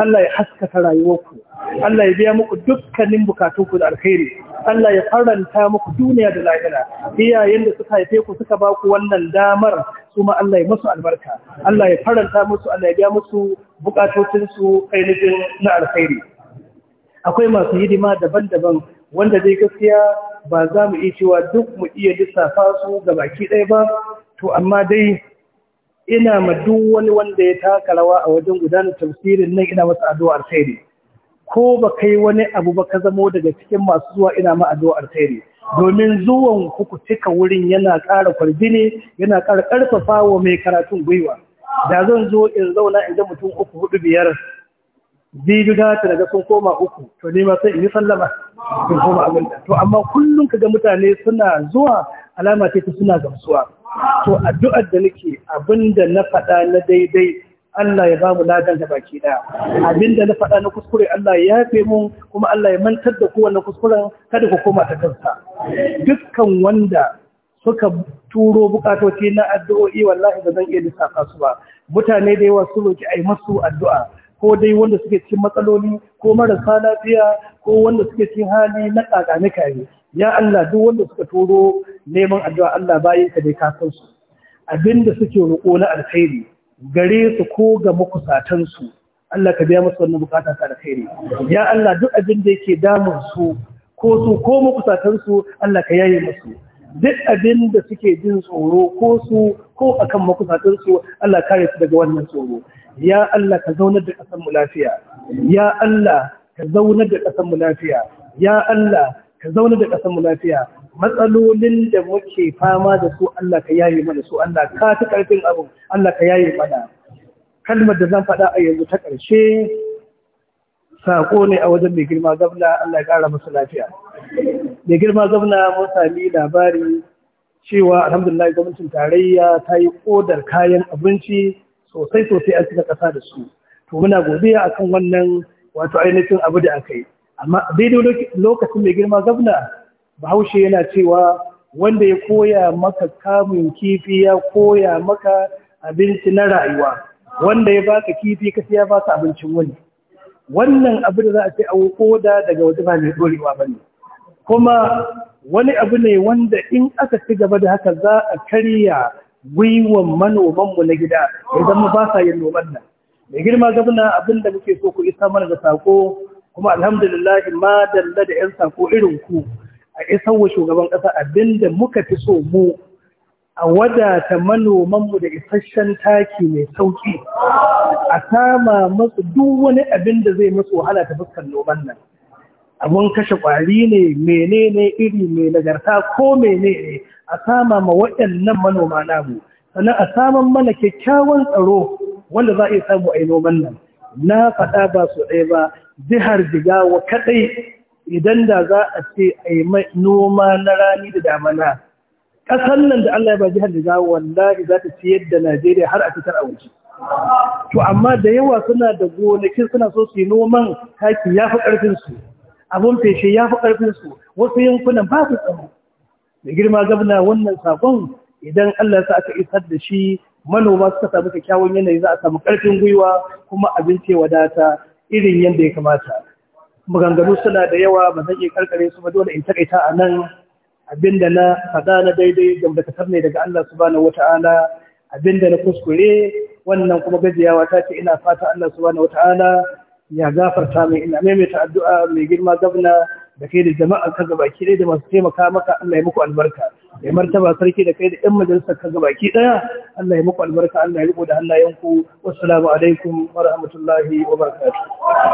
Speaker 1: Allah ya haskaka rayuwarku Allah ya biya muku dukkanin bukatunku da alkhairi Allah ya faranta muku duniya da lahira iyayen da suka haife ku suka ba ku wannan damar kuma Allah ya musu albarka Allah ya faranta musu Allah ya biya musu bukatocinsu ainihin na alkhairi akwai masu hidima daban-daban wanda dai gaskiya ba za mu iya cewa duk mu iya lissafa su ga baki ɗaya ba to amma dai ina ma duk wani wanda ya taka rawa a wajen gudanar tafsirin nan ina masa addu'a alkhairi ko ba kai wani abu ba ka zamo daga cikin masu zuwa ina ma addu'a alkhairi domin zuwan ku cika wurin yana ƙara ne, yana ƙara ƙarfafa wa mai karatun gwiwa da zan zo in zauna in ga mutum uku hudu biyar biyu da ta daga sun koma uku to ne ma sai in yi sallama sun koma abin da to amma kullum ka ga mutane suna zuwa alama ce ta suna gamsuwa to addu'ar da nake abinda na faɗa na daidai Allah ya ba mu ladan da baki daya abinda na faɗa na kuskure Allah ya yafe mu kuma Allah ya mantar da kowanne kuskuren kada ku koma ta kansa dukkan wanda suka turo bukatoci na addu'o'i wallahi ba zan iya lissafa su ba mutane da yawa su roki ai masu addu'a ko dai wanda suke cikin matsaloli ko marasa lafiya ko wanda suke cikin hali na kakani kare ya Allah duk wanda suka turo neman addu'a Allah bayin ka dai ka san su abinda suke roƙo na alkhairi gare su ko ga makusatansu Allah ka biya musu wannan bukata ta da kai ya Allah duk abin da yake damun su ko su ko makusatansu Allah ka yaye musu duk abin da suke jin tsoro ko su ko akan makusatansu Allah kare su daga wannan tsoro ya Allah ka zaunar da kasanmu lafiya ya Allah ka zaunar da kasar lafiya ya Allah ka zaunar da ƙasar lafiya matsalolin da muke fama da su Allah ka yaye mana su Allah ka ta karfin abu Allah ka yaye mana kalmar da zan faɗa a yanzu ta ƙarshe sako ne a wajen mai girma gwamna Allah ya ƙara masa lafiya mai girma gwamna mun sami labari cewa alhamdulillah gwamnatin tarayya ta yi ƙodar kayan abinci sosai sosai a cika ƙasa da su to muna godiya akan wannan wato ainihin abu da aka yi amma daidai lokacin mai girma gwamna bahaushe yana cewa wanda ya koya maka kamun kifi ya koya maka abinci na rayuwa wanda ya baka kifi kasi ya baka abincin wani wannan abu da za a ce an koda daga wata ba mai dorewa ba ne kuma wani abu ne wanda in aka ci gaba da haka za a karya gwiwon manomanmu na gida idan mu ba sa yin noman nan mai girma gabna abin da muke so ku isa mana da sako kuma alhamdulillah ma dalla da yan sako irin ku a isar wa shugaban ƙasa abinda muka fi so mu a wadata manomanmu da isasshen taki mai sauki a sama masu duk wani abin da zai masu wahala ta fuskar noman nan abun kashe kwari ne menene iri mai nagarta ko menene a sama ma waɗannan manoma namu sannan a saman mana kyakkyawan tsaro wanda za a iya samu a yi noman nan na faɗa ba su ɗaya ba jihar jigawa kaɗai idan da za a ce a yi noma na rani da damana ƙasar nan da Allah ya ba jihar wanda wallahi za ta ci da Najeriya har a fitar a waje to amma da yawa suna da gonakin suna so su yi noman taki ya fi ƙarfin su abun feshe ya fi ƙarfin wasu yankunan ba su tsaro da girma gabna wannan sakon idan Allah ya sa aka isar da shi manoma suka samu kyakkyawan yanayi za a samu ƙarfin gwiwa kuma abinci wadata irin yadda ya kamata maganganu suna da yawa ba zan iya karkare su ba dole in takaita a nan abinda na faɗa na daidai ta ne daga Allah subhanahu wata'ala abinda na kuskure wannan kuma gajiyawa ta ce ina fata Allah subhanahu wata'ala ya gafarta mai ina maimaita addu'a mai girma gabna da kai da jama'a ka gabaki ki da masu taimaka maka Allah ya muku albarka ya martaba sarki da kai da ƴan majalisar ka gabaki ɗaya Allah ya muku albarka Allah ya riko da hannayenku wassalamu alaikum wa rahmatullahi wa barakatuh